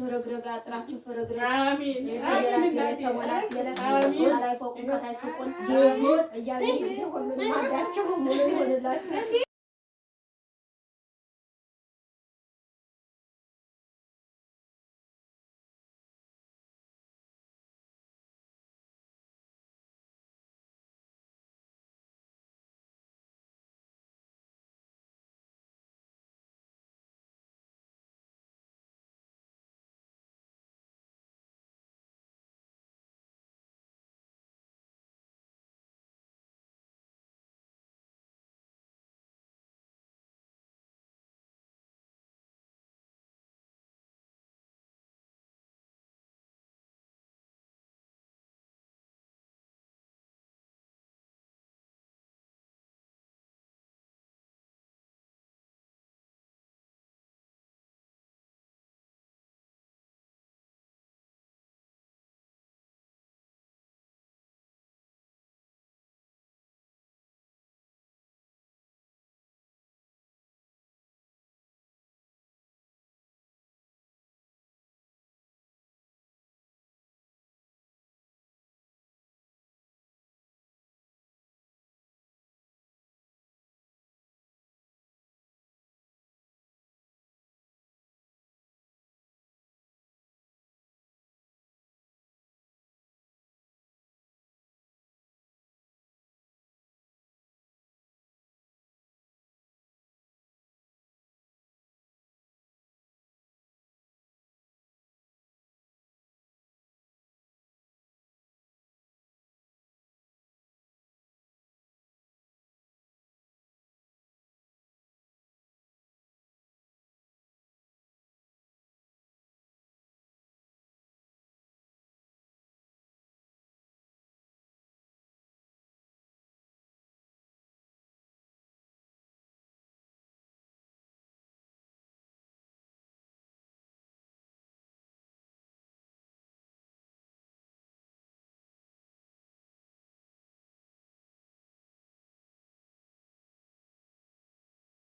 ፍርግርግ አጥራችሁ ፍርግርግ ላይ ፎቁን ከታች ሱቁን እያለ ሁሉ ማዳችሁ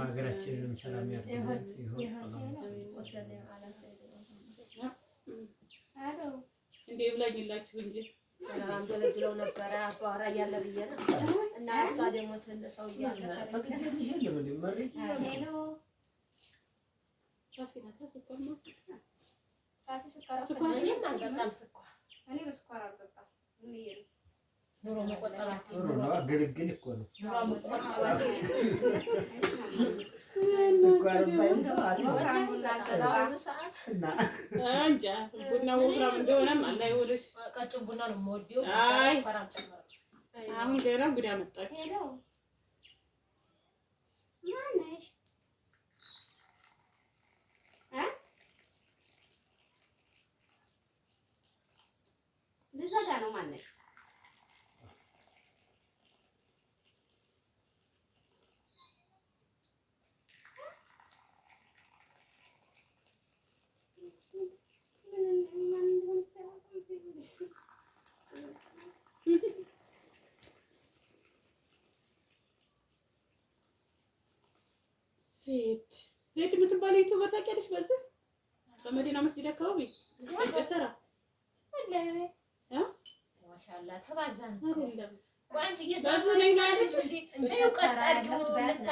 ሀገራችንንም ሰላም ያድርግልን። እንዴ ብላኝላችሁ እንጂ አንጎለግለው ነበረ አባራ እያለ ብዬ ነው። እና እሷ ደግሞ ትልቅ እያለ ስኳር በጣም እኔ በስኳር አልጠጣም ጥሩ ነው። ግልግል እኮ ነው። ቡና ወፍራም እንደሆነም አላ ይወደሽ። ቀጭን አሁን ገና ጉዳ መጣች። ማነሽ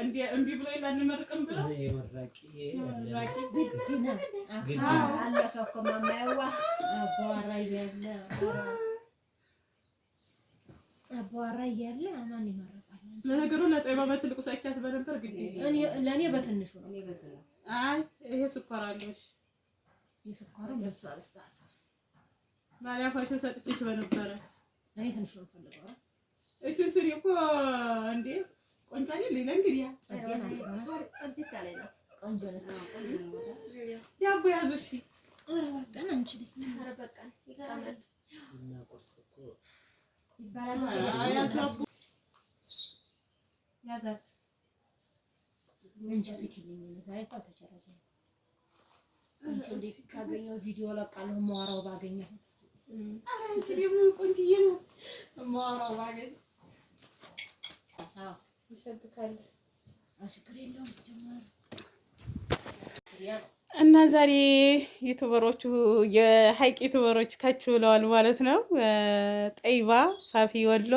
እንዲህ ብሎ ላንመርቅም ብሎ ግድ እያለ አባዋራ እያለ ማን ይመርቃል? በትልቁ ሳይቻት በነበር ግድ ለእኔ በትንሹ ነው። አይ ይሄ ስኳር አለሽ የስኳሩ ለሷ አልስታት ባላፋሽ ሰጥቼሽ በነበረ እኔ ትንሹ ነው ፈልገው እቺ ስሪ እኮ እንዴ ካገኘው ቪዲዮ ለቃለሁ። የማወራው ባገኘሁ አንቺ ደግሞ ቆንጅዬ ነው የማወራው ባገኘሁ እና ዛሬ ዩቱበሮቹ የሀይቅ ዩቱበሮች ከች ብለዋል ማለት ነው። ጠይባ ፋፊ፣ ወሎ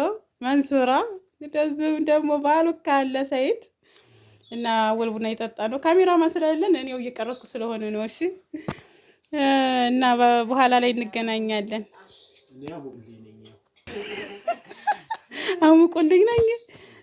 መንሱራ፣ እንደዚሁም ደግሞ ባሉ ካለ ሰይት እና ወልቡና የጠጣ ነው። ካሜራማን ስለሌለን እኔው እየቀረስኩ ስለሆነ ነው። እሺ እና በኋላ ላይ እንገናኛለን። አሙቁልኝ ነኝ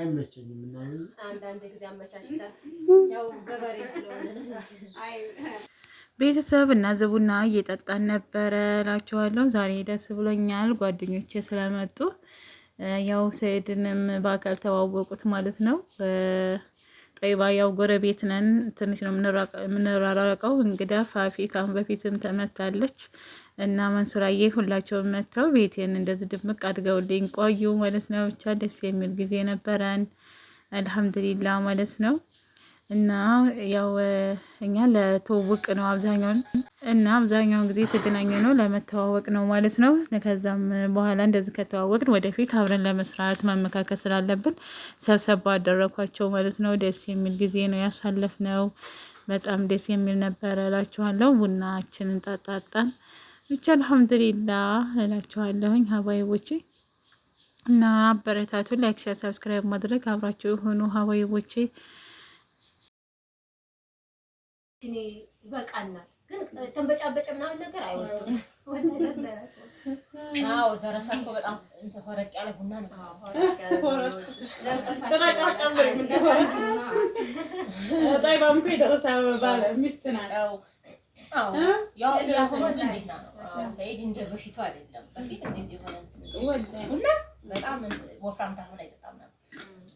አይመቸኝም እና አንዳንድ ጊዜ አመቻችታል። ያው ገበሬ ስለሆነ ቤተሰብ እና ዝቡና እየጠጣን ነበረ እላችኋለሁ። ዛሬ ደስ ብሎኛል ጓደኞቼ ስለመጡ ያው ሰኢድንም በአካል ተዋወቁት ማለት ነው። ጠይባ ያው ጎረቤት ነን፣ ትንሽ ነው የምንራራቀው። እንግዳ ፋፊ ካሁን በፊትም ተመታለች እና መንሱራዬ ሁላቸውም መጥተው ቤቴን እንደዚህ ድምቅ አድገውልኝ ቆዩ ማለት ነው። ብቻ ደስ የሚል ጊዜ ነበረን፣ አልሐምዱሊላ ማለት ነው። እና ያው እኛ ለትውውቅ ነው አብዛኛውን እና አብዛኛውን ጊዜ የተገናኘ ነው ለመተዋወቅ ነው ማለት ነው። ከዛም በኋላ እንደዚህ ከተዋወቅን ወደፊት አብረን ለመስራት መመካከል ስላለብን ሰብሰብ አደረኳቸው ማለት ነው። ደስ የሚል ጊዜ ነው ያሳለፍነው። በጣም ደስ የሚል ነበረ እላችኋለሁ። ቡናችንን ጠጣጣን ብቻ አልሐምዱሊላ እላችኋለሁኝ ሀባይቦቼ እና አበረታቱ። ላይክ፣ ሸር፣ ሰብስክራይብ ማድረግ አብራችሁ የሆኑ ሀባይቦቼ እኔ ይበቃናል፣ ግን ተንበጫበጨ ምናምን ነገር አይወጡም። አዎ ደረሰ እኮ በጣም ወረቅ ያለ ቡና ነው። እንደ በፊቱ አይደለም። በፊት እንደዚህ ሆነ ቡና በጣም ወፍራም ታሁን አይጠጣም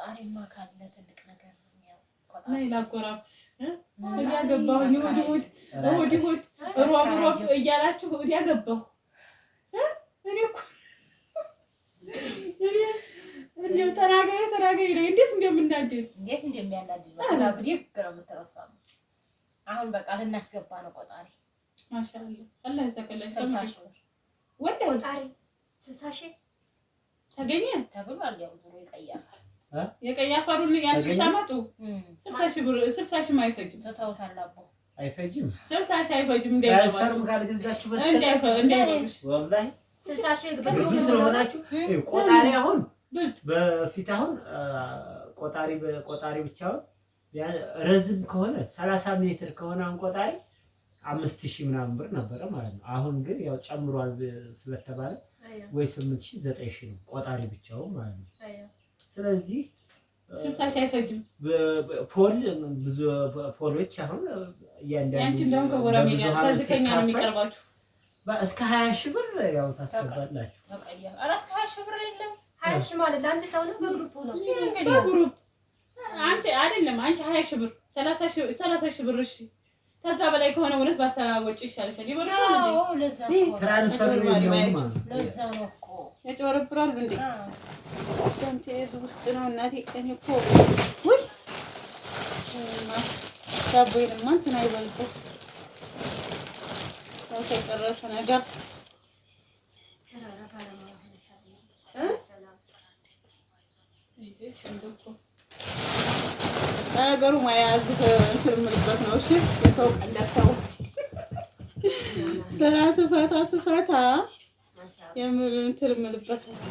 ቆጣሪማ ካለ ትልቅ ነገር ነው። ቆጣሪ ላጎራብት እያገባሁ እሑድ እሑድ እሑድ እሑድ ሮብ ሮብ እያላችሁ እሑድ ያገባሁ እኔ እኮ እንደው ተናገሪ እንዴት እንደምናደድ እንዴት እንደሚያናድድ በቃ አሁን በቃ ልናስገባ ነው ቆጣሪ። ማሻአላህ አላህ ይዘከለሽ ቆጣሪ ስልሳ ሺህ ተገኘ ተብሏል። ያው ዙሮ ይቀያል የቀይ አፈሩን ያን ታመጡ ስልሳ ሺህም አይፈጅም። አይፈጅም ስልሳ ሺህ አይፈጅም። ካልገዛችሁ ብዙ ስለሆናችሁ ቆጣሪ አሁን በፊት አሁን ቆጣሪ በቆጣሪ ብቻ ረዝም ከሆነ ሰላሳ ሜትር ከሆነ አሁን ቆጣሪ አምስት ሺህ ምናምን ብር ነበረ ማለት ነው። አሁን ግን ያው ጨምሯል ስለተባለ ወይ ስምንት ሺህ ዘጠኝ ሺህ ነው ቆጣሪ ማለት ነው። ስለዚህ ስልሳሽ አይፈጅም። ፖል ብዙ ፖሎች አሁን እያንዳንዱ እስከ ሀያ ሺህ ብር ያው ታስገባላችሁ። ኧረ እስከ ሀያ ሺህ ብር የለም። ሀያ ሺህ ማለት ለአንድ ሰው ነው። በግሩፕ ነው በግሩፕ አንቺ አይደለም አንቺ ሀያ ሺህ ብር ሰላሳ ሺህ ብር እሺ ከዛ በላይ ከሆነ እውነት ባታወጪ ይሻልሻል። ይበልሻል ትራንስፈር ነው እኮ ያጨበረብራሉ እንዴ? ኮንቴዝ ውስጥ ነው እናቴ። እኔ እኮ ውይ ዳቦዬንማ እንትን አይበልበት ያው ተጨረሰ ነገር ነገሩ መያዝ እንትን የምልበት ነው። እሺ የሰው ቀልድ ስራ ስፈታ ስፈታ የምልበት ነው።